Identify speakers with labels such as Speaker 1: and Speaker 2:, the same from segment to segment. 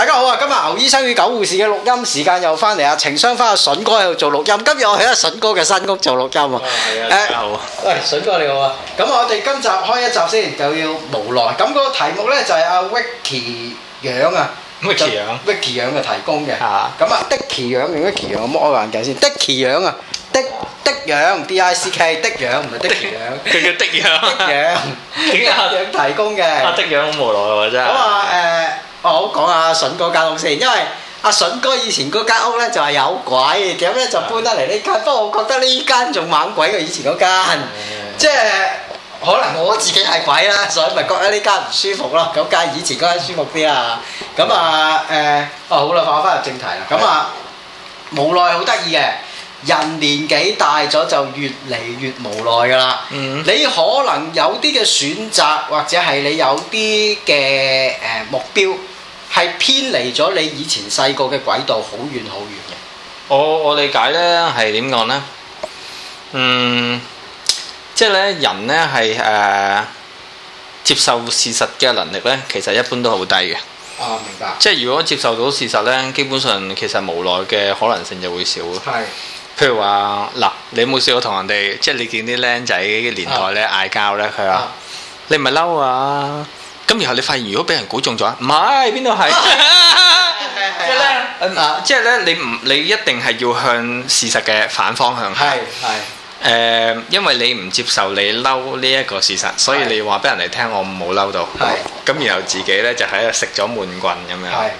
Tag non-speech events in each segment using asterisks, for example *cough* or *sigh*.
Speaker 1: 大家好啊！今日牛醫生與狗護士嘅錄音時間又翻嚟啊！情商翻阿筍哥喺度做錄音，今日我喺阿筍哥嘅新屋做錄音啊！係啊、哦！牛，喂、欸，筍哥你好啊！咁、嗯、我哋今集開一集先，就要無奈咁，嗰、那個題目咧就係阿 Vicky 樣啊！Vicky 樣，Vicky 樣嘅提供嘅吓，咁啊 Dicky 樣 Vicky 樣，我摸下眼鏡先 Dicky 樣啊 Dick，Dick 樣，D I C K，Dick 樣唔係 Dicky 樣，佢
Speaker 2: 叫 Dick 樣，Dick 樣，Dick 樣提供嘅，阿 Dick 樣好無奈啊，真係咁啊，誒、嗯。
Speaker 1: 呃我講阿筍哥間屋先，因為阿筍哥以前嗰間屋咧就係有鬼，咁咧就搬得嚟呢間。不過的我覺得呢間仲猛鬼過以前嗰間，的即係可能我自己係鬼啦，所以咪覺得呢間唔舒服咯。咁梗係以前嗰間舒服啲啊。咁啊誒，哦、呃、好啦，我翻入正題啦。咁啊的無奈，好得意嘅人，年紀大咗就越嚟越無奈㗎啦。嗯、你可能有啲嘅選擇，或者係你有啲嘅誒目標。係偏離咗你以前細個嘅軌道好遠好遠嘅。很
Speaker 2: 遠很遠，我我理解咧係點講咧？嗯，即係咧，人咧係誒接受事實嘅能力咧，其實一般都好低嘅。啊，明白。
Speaker 1: 即
Speaker 2: 係如果接受到事實咧，基本上其實無奈嘅可能性就會少咯。係。譬如話嗱，你有冇試過同人哋，即係你見啲僆仔嘅年代咧嗌交咧，佢話你唔係嬲啊？啊啊咁然後你發現，如果俾人估中咗，唔係，邊度係？即係咧，即係咧，你唔你一定係要向事實嘅反方向係係誒，因為你唔接受你嬲呢一個事實，所以你話俾人哋聽，我冇嬲到係。咁然後自己咧就喺度食咗悶棍咁樣係。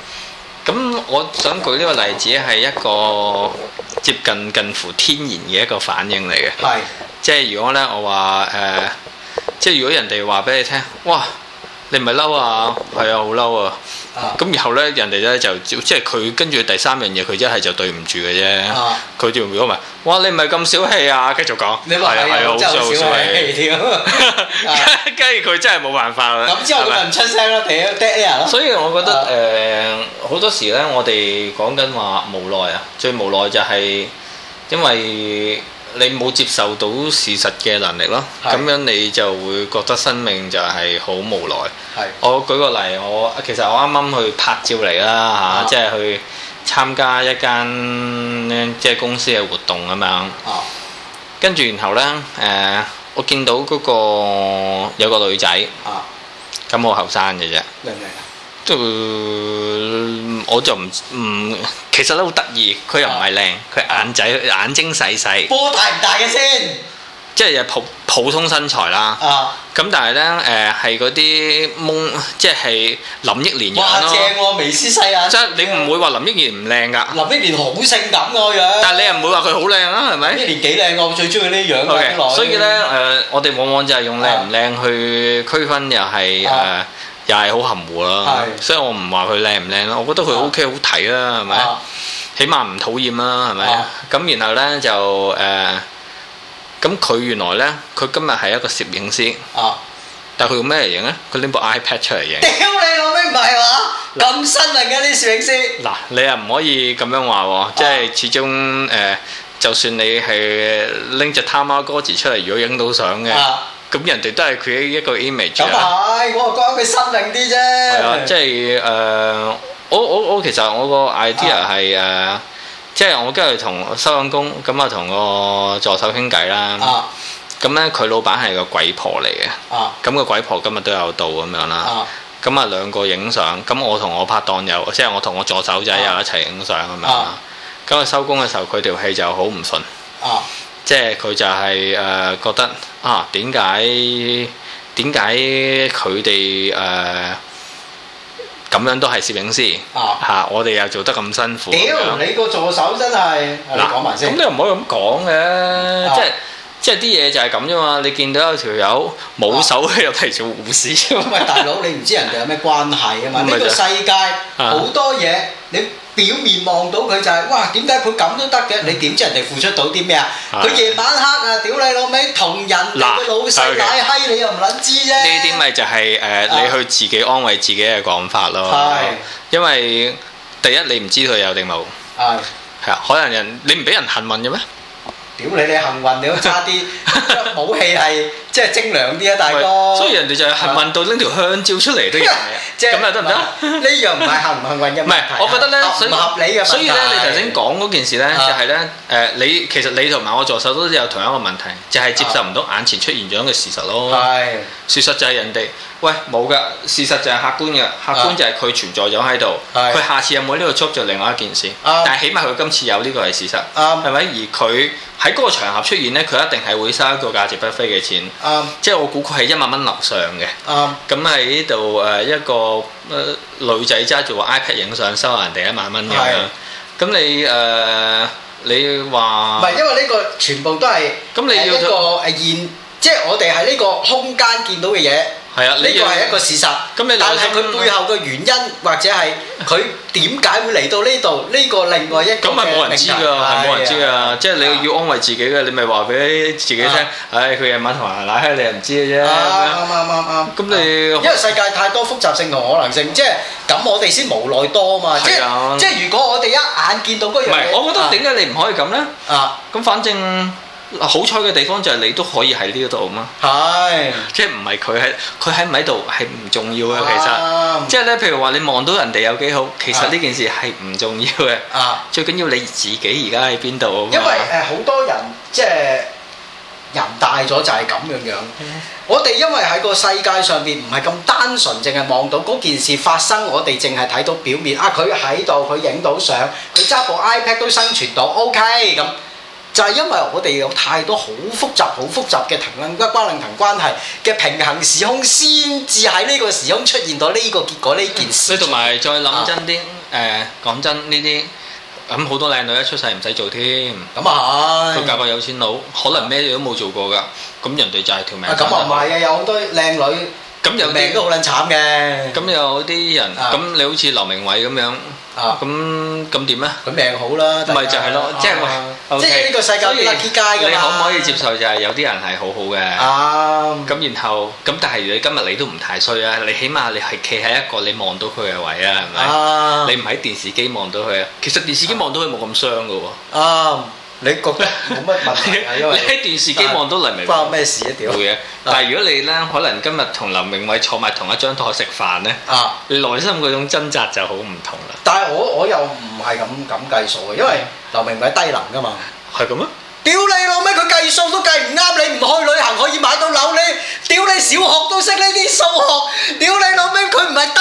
Speaker 2: 咁我想舉呢個例子係一個接近近乎天然嘅一個反應嚟嘅係。即係如果咧，我話誒，即係如果人哋話俾你聽，哇！你唔係嬲啊？係啊，好嬲啊！咁然後咧，人哋咧就即係佢跟住第三樣嘢，佢一係就對唔住嘅啫。佢對唔住。哇！你唔係咁小氣啊！繼續講，係係啊，好小氣。跟住佢真係冇辦法啦。咁之後佢就唔出聲咯，屌 dead air 咯。所以我覺得誒好多時咧，我哋講緊話無奈啊，最無奈就係因為，你冇接受到事實嘅能力咯，咁是樣你就會覺得生命就係好無奈。是我舉個例，我其實我啱啱去拍照嚟啦嚇，即係、啊啊就是、去參加一間即係公司嘅活動咁樣。啊、跟住然後呢，誒、呃，我見到嗰個有個女仔，咁、啊、我後生嘅啫。嗯、我就唔唔、嗯，其實都好得意，佢又唔係靚，佢眼仔眼睛細細，波
Speaker 1: 大唔大嘅先，
Speaker 2: 即係普普通身材啦。咁、啊、但係呢，誒係嗰啲蒙，即係林憶蓮型正喎、啊，微絲細眼！即係你唔會話林憶蓮唔靚噶，林憶蓮好性感嘅、啊、樣。但係你又唔會話佢好靚啦，係咪？憶蓮幾靚，我最中意呢樣。Okay, 啊、所以呢，誒、呃，我哋往往就係用靚唔靚去區分、就是，又係誒。又係好含糊啦，是所以我唔話佢靚唔靚咯，我覺得佢 OK 好睇啦、啊，係咪？啊、起碼唔討厭啦、啊，係咪？咁、啊、然後呢，就誒，咁、呃、佢原來呢，佢今日係一個攝影師，啊、但係佢用咩嚟影呢？佢拎部 iPad 出嚟影。
Speaker 1: 屌你老味唔係話咁新穎嘅啲攝影師？
Speaker 2: 嗱，你又唔可以咁樣話喎、啊，即係、啊、始終誒、呃，就算你係拎隻他媽哥池出嚟，如果影到相嘅。啊。咁人哋都係佢一個 image。咁我啊覺得
Speaker 1: 佢生靈啲啫。係啊，
Speaker 2: 即係誒、呃，我我我其實我個 idea 係誒，即係、啊呃就是、我今日同收工咁啊，同個助手傾偈啦。啊，咁咧佢老闆係個鬼婆嚟嘅。啊，咁個鬼婆今日都有到咁樣啦。啊，咁啊兩個影相，咁我同我拍檔有，即、就、係、是、我同我助手仔有一齊影相啊嘛。啊，咁、啊、我收工嘅時候，佢條氣就好唔順啊。啊。即係佢就係、是、誒、呃、覺得啊點解點解佢哋誒咁樣都係攝影師啊，啊我哋又做得咁辛苦，屌、欸、樣你
Speaker 1: 個助手真係嗱，講埋先，咁
Speaker 2: 你唔可以咁講嘅即係。即 *laughs* *noise* 係啲嘢就係咁啫嘛！你見到有條友冇手又提住護士，咪大佬，
Speaker 1: 你唔知人哋有咩關係啊嘛！呢個世界好多嘢，你表面望到佢就係哇，點解佢咁都得嘅？你點知人哋付出到啲
Speaker 2: 咩啊？佢的夜
Speaker 1: 晚黑啊，屌你老味，同人哋嘅老細打閪，你又唔撚知啫？呢啲
Speaker 2: 咪就係、是、誒你去自己安慰自己嘅講法咯。係， *music* 因為第一你唔知佢有定冇，係係啊，可能人你唔俾人行運嘅咩？ *music* *music* *music* *music*
Speaker 1: 屌你！你幸運，你都差啲。武器係
Speaker 2: 即係精良啲啊，大哥。 *laughs* 所以人哋就幸運到拎條香蕉出嚟都贏你啊！咁啊，得唔得？呢樣唔係幸唔
Speaker 1: 幸運嘅。
Speaker 2: 唔係，我覺得咧，啊、所以合理嘅問題。所以咧，你頭先講嗰件事咧，就係咧，誒、呃，你其實你同埋我助手都有同一個問題，就係、是、接受唔到眼前出現咗樣嘅事實咯。係、啊。說實在，人哋。喂，冇噶，事實就係客觀嘅，客觀就係佢存在咗喺度。佢下次有冇呢個觸就另外一件事。但係起碼佢今次有呢個係事實，係咪？而佢喺嗰個場合出現呢，佢一定係會收一個價值不菲嘅錢。即係我估佢係一萬蚊樓上嘅。咁喺呢度誒，一個女仔揸住個 iPad 影相，收人哋一萬蚊，咁你，誒，你話唔係因為呢個，全部都係，咁你要誒
Speaker 1: 個現，即係我哋喺呢個空間見到嘅嘢。
Speaker 2: 係啊，呢個係一個事
Speaker 1: 實。咁你但係佢背後嘅原因或者係佢點解會嚟到呢度？呢個另外一個。咁係冇人知㗎，係冇人知㗎。
Speaker 2: 即係你要安慰自己嘅，你咪話俾自己聽。唉，佢夜晚同奶奶？你又唔知嘅啫。啱
Speaker 1: 啱啱啱。咁你因為世界太多複雜性同可能性，即係咁我哋先無奈多
Speaker 2: 啊嘛。即係即係
Speaker 1: 如果我哋一眼見到嗰樣嘢，我覺得點
Speaker 2: 解你唔可以咁呢？啊，咁反正。好彩嘅地方就係你都可以喺呢度嘛，係，即係唔係佢喺，佢喺唔喺度係唔重要嘅，其實，啊、即係咧，譬如話你望到人哋有幾好，其實呢件事係唔重要嘅，啊，最緊要你自己而家喺邊度啊嘛，因為
Speaker 1: 誒好、呃、多人即係人大咗就係咁樣樣，嗯、我哋因為喺個世界上邊唔係咁單純，淨係望到嗰件事發生，我哋淨係睇到表面啊，佢喺度，佢影到相，佢揸部 iPad 都生存到，OK 咁。就係因為我哋有太多好複雜、好複雜嘅騰騰關關聯騰關係嘅平衡時空，先至喺呢個時空出現到呢個結果呢
Speaker 2: 件事。所以同埋再諗真啲，誒講真呢啲，咁好多靚女一出世唔使做添，咁啊係，佢嫁個有錢佬，可能咩嘢都冇做過㗎，咁人哋就係條命。咁唔係嘅，有
Speaker 1: 好多靚
Speaker 2: 女，咁有啲命都好撚慘嘅。咁有啲人，咁你好似劉明偉咁樣。啊，咁咁點啊？佢命好啦，咪就係咯，啊、okay, 即係即係呢個
Speaker 1: 世界你可唔
Speaker 2: 可以接受就係有啲人係好好嘅？啊，咁然後咁，但係如果你今日你都唔太衰啊，你起碼你係企喺一個你望到佢嘅位啊，係咪？你唔喺電視機望到佢啊？其實電視機望到佢冇咁傷噶喎。啊啊你覺得冇乜問題啊？因為你喺 *laughs* 電視機望到黎明，關我咩
Speaker 1: 事啊？屌，會嘅。
Speaker 2: 但係如果你咧， *laughs* 可能今日同林明偉坐埋同一張台食飯咧，啊，你內心嗰種掙扎就好唔同啦。
Speaker 1: 但係我我又唔係咁咁計數嘅，因為林明偉低能噶嘛。係咁啊！屌你老味，佢計數都計唔啱，你唔去旅行可以買到樓？你屌你小學都識呢啲數學，屌你老味，佢唔係。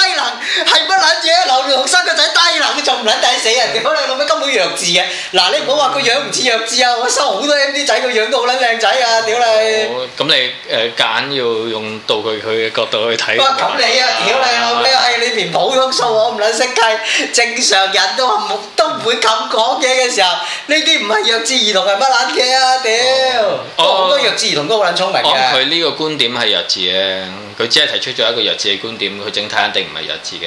Speaker 1: 唔撚抵死啊！屌你老咩根本弱智嘅？嗱，你唔好話個樣唔似弱智啊！我收好多 MD 仔，個樣都好撚靚仔啊！屌你！
Speaker 2: 咁、哦、你誒揀、呃、要用到佢佢嘅角度去睇。哇、啊！咁你啊，屌你啊！
Speaker 1: 咩、哎？你連普通數我唔撚識計，正常人都唔都唔會咁講嘢嘅時候，呢啲唔係弱智兒童係乜撚嘢啊？屌！
Speaker 2: 好多弱智兒童都好撚聰明嘅、啊。佢呢、哦哦哦哦、個觀點係弱智嘅，佢只係提出咗一個弱智嘅觀點，佢整體肯定唔係弱智嘅。誒、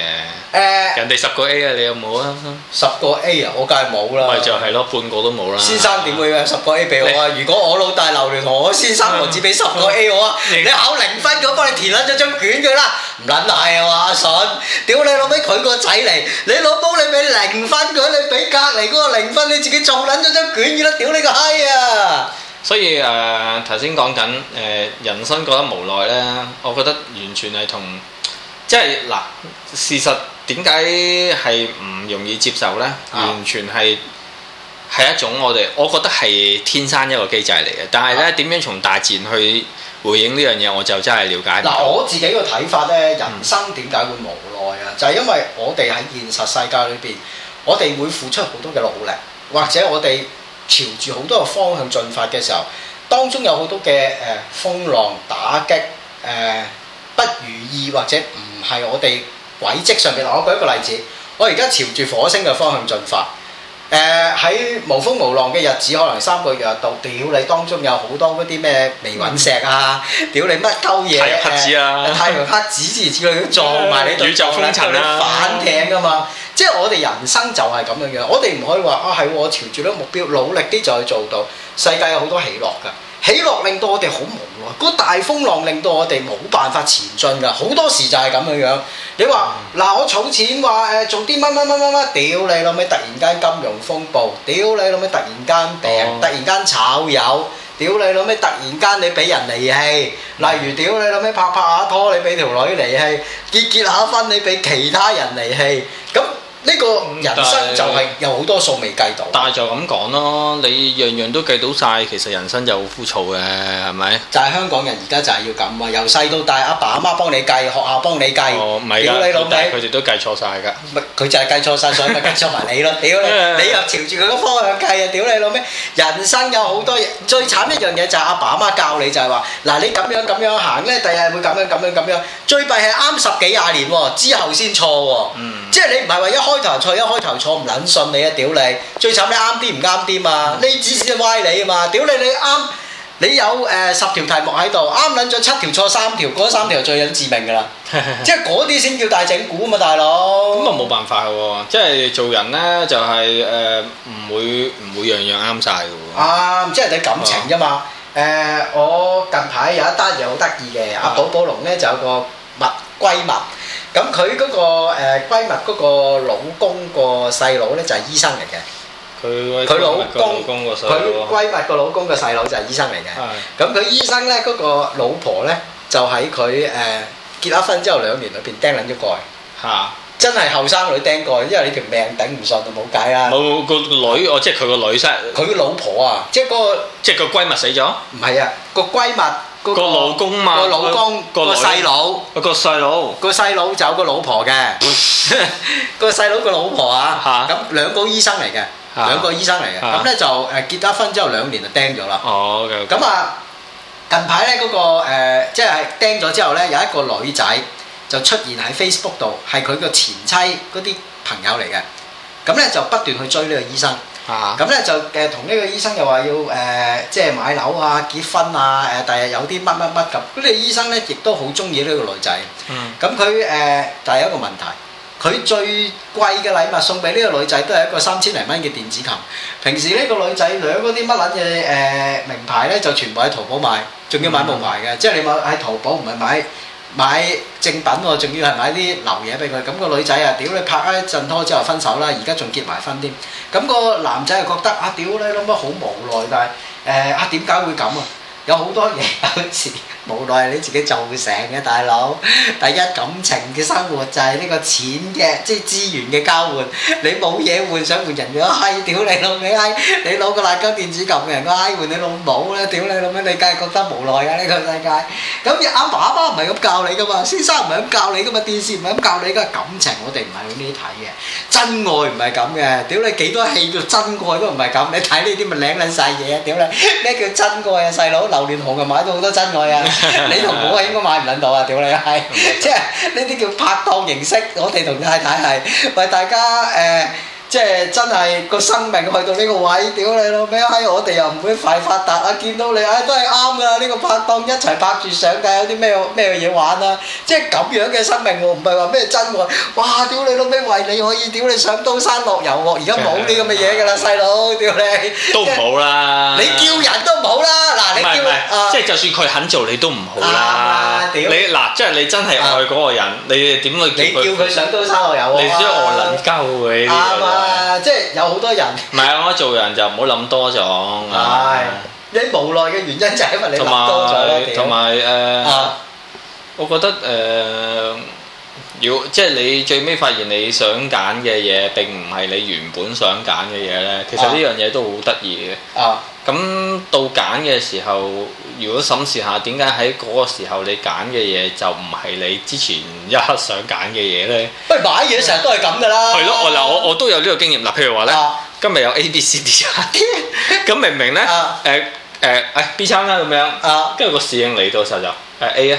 Speaker 2: 呃，人哋十個 A 啊，你有冇啊？十個 A 啊，我梗係冇啦。咪就係咯，半個都冇啦。先
Speaker 1: 生點會有十個 A 俾我。啊你？如果我老大留亂我，先生我只俾十個 A 我啊。嗯、你考零分，我幫你填撚咗張卷佢啦。唔撚係喎阿信，屌 *laughs* *laughs* 你老味，佢個仔嚟。你攞煲，你俾零分佢，你俾隔離嗰個零分，你自己做撚咗張卷佢啦。屌你個閪啊！
Speaker 2: 所以誒，頭先講緊誒人生覺得無奈咧，我覺得完全係同，即係嗱事實。點解係唔容易接受呢？完全係係、啊、一種我哋，我覺得係天生一個機制嚟嘅。但係咧，點樣從大自然去回應呢樣嘢，我就真係了解了。嗱、啊，我
Speaker 1: 自己個睇法呢，人生點解會無奈啊？嗯、就係因為我哋喺現實世界裏邊，我哋會付出好多嘅努力，或者我哋朝住好多個方向進發嘅時候，當中有好多嘅誒、呃、風浪打擊、呃、不如意，或者唔係我哋。軌跡上邊，我舉一個例子，我而家朝住火星嘅方向進發，誒、呃、喺無風無浪嘅日子，可能三個月度，屌你當中有好多嗰啲咩微隕石啊，屌你乜鳩嘢，啊，太陽黑子之之類都撞埋你度。宇宙風塵啦，反艇噶嘛，即係我哋人生就係咁樣樣，我哋唔可以話啊係我朝住呢個目標努力啲就去做到，世界有好多起落噶。起落令到我哋好無奈，個大風浪令到我哋冇辦法前進㗎，好多時就係咁樣樣。你話嗱，嗯、我儲錢話誒、呃、做啲乜乜乜乜乜，屌你老味！突然間金融風暴，屌你老味！突然間病、嗯突然間，突然間炒魷，屌你老味！突然間你俾人離棄，例如屌你老味拍拍下拖，你俾條女離棄，結結下婚你俾其他人離棄，咁。呢個人生就係
Speaker 2: 有好多數未計到，但係是就咁講咯，你樣樣都計到晒，其實人生就好枯燥嘅，係咪？就係香港人而家就係要咁啊，由細到大，阿爸
Speaker 1: 阿媽幫你計，學校幫你計，屌、哦、你老味！佢哋都計錯晒㗎，佢就係計錯晒，所以咪計錯埋你咯，屌 *laughs* 你，你！你又朝住佢個方向計啊，屌 *laughs* 你老味！人生有好多嘢，最慘一樣嘢就係阿爸阿媽教你就係、是、話，嗱你咁樣咁樣行咧，第日會咁樣咁樣咁樣，樣，最弊係啱十幾廿年喎，之後先錯喎，嗯， *laughs* *laughs* 即係你唔係話一開開頭錯一開頭錯唔捻信你啊！屌你！最慘你啱啲唔啱啲嘛？你只就歪你啊嘛！屌你，你！你啱你有誒十條題目喺度啱捻咗七條錯三條，嗰三條最
Speaker 2: 引致命噶啦！
Speaker 1: *laughs* 即係嗰啲先叫大整蠱啊嘛，大佬咁啊冇辦
Speaker 2: 法嘅喎！即係做人咧就係誒唔會唔會樣樣啱晒嘅
Speaker 1: 喎啊！即係睇感情啫嘛！誒、啊呃，我近排有一單嘢好得意嘅，阿寶寶龍咧就有個蜜、閨蜜。閨咁佢嗰個誒閨蜜嗰個老公個細佬咧就係醫生嚟嘅，佢，
Speaker 2: 佢老公，佢閨
Speaker 1: 蜜個老公個細佬就係醫生嚟嘅。咁佢醫生咧，嗰個老婆咧就喺佢誒結咗婚之後兩年裏邊釘撚咗蓋，嚇！真係後生女釘蓋，因為你條命頂唔順就冇計啊。
Speaker 2: 冇個女哦，即係佢個女真係。佢老婆啊，即係嗰個，即係個閨蜜死咗？唔係啊，個閨蜜。嗰個老公嘛，個老公個細
Speaker 1: 佬，個細佬，個細佬就有個老婆嘅， *laughs* 個細佬個老婆啊，咁、啊、兩個醫生嚟嘅，啊、兩個醫生嚟嘅，咁咧、啊、就誒結咗婚之後兩年就釘咗啦。哦，咁、okay, okay. 啊，近排咧嗰個誒即係釘咗之後咧，有一個女仔就出現喺 Facebook 度，係佢個前妻嗰啲朋友嚟嘅，咁咧就不斷去追呢個醫生。咁咧、啊、就誒同呢個醫生又話要誒、呃、即係買樓啊、結婚啊誒、第日嗯呃，但係有啲乜乜乜咁。呢個醫生咧亦都好中意呢個女仔。嗯。咁佢誒就有一個問題，佢最貴嘅禮物送俾呢個女仔都係一個三千零蚊嘅電子琴。平時呢個女仔攞嗰啲乜撚嘅誒名牌咧，就全部喺淘寶買，仲要買冒牌嘅，嗯、即係你買喺淘寶唔係買，買正品喎，仲要係買啲流嘢俾佢。咁、那個女仔啊，屌你 *laughs* 拍開一陣拖之後分手啦，而家仲結埋婚添。咁、那個男仔又覺得啊，屌你諗得好無奈，但係誒、呃、啊，點解會咁啊？有好多嘢好似。 *laughs* *laughs* 無奈你自己做成嘅，大佬。第一感情嘅生活就係呢個錢嘅，即係資源嘅交換。你冇嘢換想換人嘅，嗨！屌你老味，嗨！你攞個辣椒電子琴嘅人嗨，嗨換你老母啦！屌你老味，你梗係覺得無奈啊！呢、呢個世界咁，阿爸阿媽唔係咁教你噶嘛，先生唔係咁教你噶嘛，電視唔係咁教你噶。感情我哋唔係去呢啲睇嘅，真愛唔係咁嘅。屌你幾多戲嘅真愛都唔係咁，你睇呢啲咪領撚晒嘢？屌你咩叫真愛啊，細佬？榴蓮紅就買到好多真愛啊！ *laughs* *laughs* 你同我啊應該買唔撚到啊！屌你係，即係呢啲叫拍檔形式，我哋同太太係為大家誒。呃即係真係個生命去到呢個位，屌你老咩、哎、我哋又唔會快發達啊！見到你唉、哎，都係啱㗎，呢個拍檔一齊拍住相上有啲咩咩嘢玩啦！即係咁樣嘅生命喎，唔、哦、係話咩真愛哇！屌你老咩閪，為你可以屌你上刀山落油鍋，而家冇呢個嘢㗎啦，細佬、嗯、屌你！都唔好啦，
Speaker 2: 啦，啦，你叫
Speaker 1: 人、啊、都唔好啦，嗱、啊啊啊啊、你叫、啊、即
Speaker 2: 係就算佢肯做，你都唔好啦，你嗱即係你真係愛嗰個人，啊、你點去你叫佢
Speaker 1: 上刀山落油、啊，你知我能
Speaker 2: 救你。啊啊啊 Uh, 即係有好多人。唔係啊！我做人就唔好諗多咗。係、 *laughs* 哎，哎、你
Speaker 1: 無奈嘅原因就係因為你諗多咗同
Speaker 2: 埋誒，呃啊、我覺得誒，要、呃、即係你最尾發現你想揀嘅嘢並唔係你原本想揀嘅嘢咧。其實呢樣嘢都好得意嘅。啊。啊啊咁到揀嘅時候，如果審視下點解喺嗰個時候你揀嘅嘢就唔係你之前一刻想揀嘅嘢呢？
Speaker 1: 不如買嘢成日都係咁噶啦。係咯，嗱，我我，我
Speaker 2: 都有呢個經驗。嗱，譬如話呢，啊、今日有 A B,、B、C、D，咁明明呢？誒誒、啊，誒、呃呃哎、B 餐啦、啊、咁樣，跟住、啊、個侍應嚟到時候就。A 啊，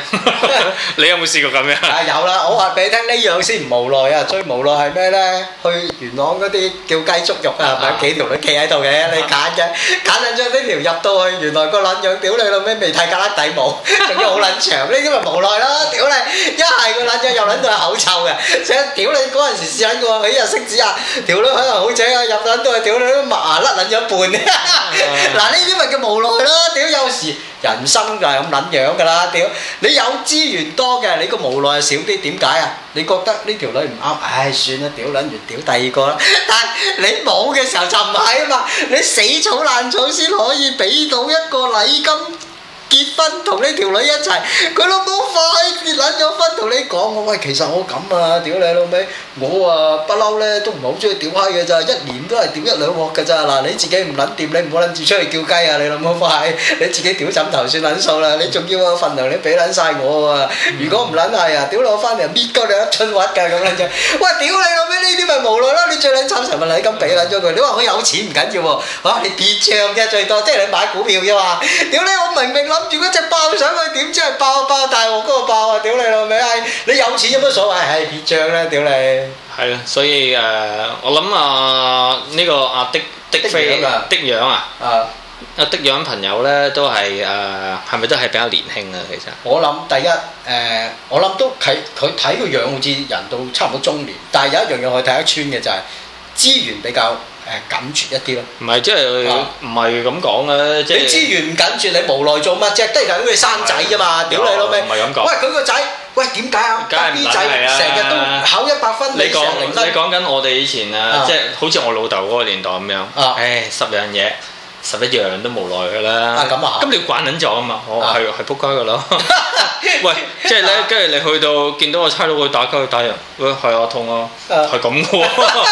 Speaker 2: 你有冇試過咁樣？啊有啦，我話
Speaker 1: 俾你聽呢樣先無奈啊，最無奈係咩呢？去元朗嗰啲叫雞足肉啊，買幾條女企喺度嘅，你揀嘅揀兩張呢條入到去，原來個卵樣屌你老味，未剃格粒底毛，仲要好卵長，呢啲咪無奈咯！屌你，一係個卵樣入卵到係口臭嘅，成屌你嗰陣時試緊嘅喎，起日食紙啊，條女可能好正啊，入到去屌你都抹牙甩卵咗一半，嗱呢啲咪叫無奈咯！屌有時人生就係咁卵樣㗎啦，屌！你有資源多嘅，你個無奈少啲。點解啊？你覺得呢條女唔啱，唉，算啦，屌撚完，屌第二個啦。但係你冇嘅時候就唔係啊嘛，你死草爛草先可以俾到一個禮金。結婚同你條女一齊，佢老母快結捻咗婚同你講，我喂其實我咁啊，屌你老味，我啊不嬲咧，都唔係好中意屌閪嘅咋，一年都係屌一兩鑊嘅咋，嗱你自己唔捻掂，你唔好捻住出去叫雞啊，你老母快，嗯、你自己屌枕頭算捻數啦，你仲要啊份量，你俾捻晒我啊，如果唔捻係啊，屌你我翻嚟搣鳩你一寸屈㗎咁樣啫，喂屌你老味呢啲咪無奈啦，你最屌枕成問禮金俾捻咗佢，你話我有錢唔緊要喎，嚇、啊、你跌脹啫最多，即係你買股票嘅嘛。屌你我明明諗。屌一隻爆上去，點知係爆爆大鑊嗰個爆啊！屌你老
Speaker 2: 味，你有錢有乜所謂？係別張啦，屌你！係啊，所以誒、呃，我諗、呃這個、啊，呢個阿的的飛的樣啊，阿的樣朋友咧都係誒，係、呃、咪都係比較年輕啊？其實
Speaker 1: 我諗第一誒、呃，我諗都睇佢睇個樣，好似人到差唔多中年，但係有一樣嘢可以睇得穿嘅就係、是、資源比較。誒
Speaker 2: 緊絕一啲咯，唔係即係唔係咁講咧，即係你資
Speaker 1: 源唔緊住，你無奈做乜啫？都係咁去生仔啫嘛，屌你老味！唔係咁講。喂，佢個仔，喂點解啊？梗仔成日都考一百分，你成日零分。你講，你講
Speaker 2: 緊我哋以前啊，即係好似我老豆嗰個年代咁樣。誒十樣嘢，十一樣都無奈㗎啦。啊咁啊！咁你慣撚咗啊嘛，我係係撲街㗎咯。喂，即係咧，跟住你去到見到個差佬去打鳩去打人，喂係啊痛啊，係咁㗎喎。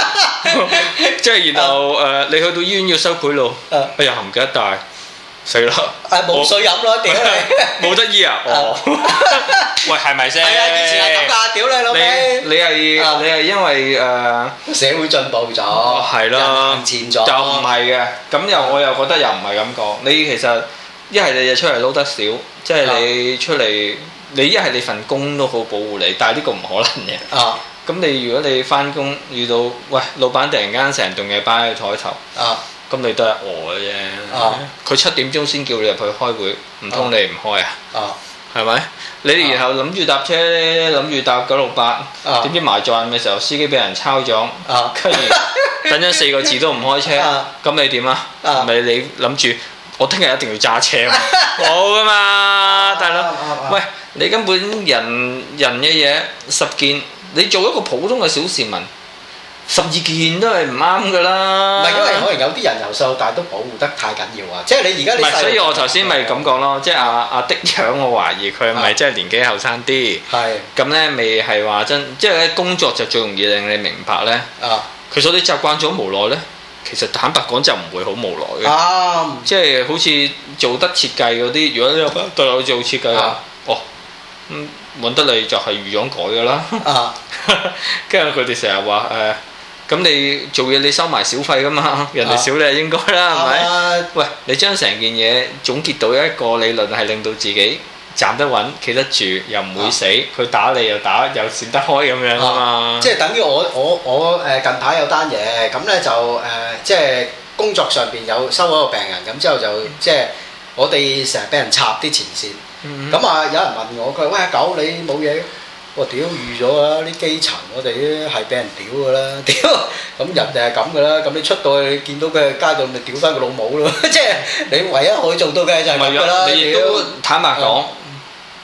Speaker 2: 即係然後誒，你去到醫院要收賄賂，哎呀唔記得帶，死啦！誒，冇水飲咯，冇得醫啊！喂，係咪先？係啊，
Speaker 1: 以前啊，丢你老味！你你
Speaker 2: 係你係因為誒社會進步咗，係咯，賺咗，就唔係嘅。咁又我又覺得又唔係咁講。你其實一係你出嚟撈得少，即係你出嚟，你一係你份工都好保護你，但係呢個唔可能嘅啊。咁你如果你翻工遇到喂，老闆突然間成棟嘢擺喺台頭，啊，咁你都係餓嘅啫。佢七點鐘先叫你入去開會，唔通你唔開啊？啊，係咪？你然後諗住搭車，諗住搭九六八，點知埋站嘅時候司機俾人抄咗，跟住等咗四個字都唔開車，咁你點啊？啊，咪你諗住我聽日一定要揸車？冇噶嘛，大佬，喂，你根本人人嘅嘢十件。你做一個普通嘅小市民，十二件都係唔啱㗎啦。唔係因為可能
Speaker 1: 有啲人由細到大都保護得
Speaker 2: 太緊要啊，即係你而家你。唔係，所以我頭先咪咁講咯，嗯、即係阿阿的腸，我懷疑佢係咪即係年紀後生啲？係是。咁咧，未係話真，即係咧工作就最容易令你明白咧。啊是。佢所以習慣咗無奈咧，其實坦白講就唔會好無奈嘅。啊、即係好似做得設計嗰啲， *laughs* 如果你有份對我做設計啊。 *laughs* 嗯，搵得你就係預養改噶啦。啊，跟住佢哋成日話誒，咁你做嘢你收埋小費噶嘛，人哋少你應該啦，係咪？喂，你將成件嘢總結到一個理論，係令到自己站得穩、企得住，又唔會死，佢、啊、打你又打又閃得開咁樣嘛啊嘛。即係
Speaker 1: 等於我我我誒近排有單嘢，咁咧就誒、呃、即係工作上邊有收嗰個病人，咁之後就即係我哋成日俾人插啲前線。嗯咁啊！嗯、有人問我，佢話：喂，狗你冇嘢？我屌預咗啦！啲基層我哋咧係俾人屌嘅啦，屌！咁人就係咁嘅啦，咁你出到去你見到佢喺街度，咪屌翻個老母咯！即係你唯一可以做到嘅就係咁嘅啦。你都
Speaker 2: 坦白講，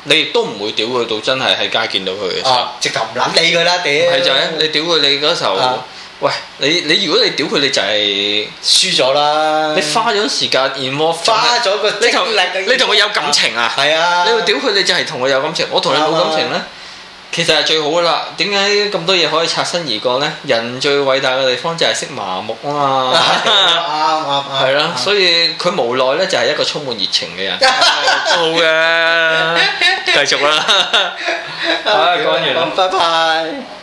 Speaker 2: 你亦都唔會屌佢到真係喺街見到佢嘅、啊就是、時候，直頭唔撚理佢啦，屌！係就係你屌佢，你嗰時候。喂，你你如果你屌佢，你就係輸咗啦。你花咗時間，而我花咗個，你同你同我有感情啊？係啊，你會屌佢，你就係同我有感情，我同你冇感情咧。其實係最好噶啦。點解咁多嘢可以擦身而過呢？人最偉大嘅地方就係識麻木啊嘛。啱啱啱。係咯，所以佢無奈咧，就係一個充滿熱情嘅人。好嘅、 *laughs* 哎， *laughs* 繼續啦。
Speaker 1: 拜拜 Okay,。Well, bye bye.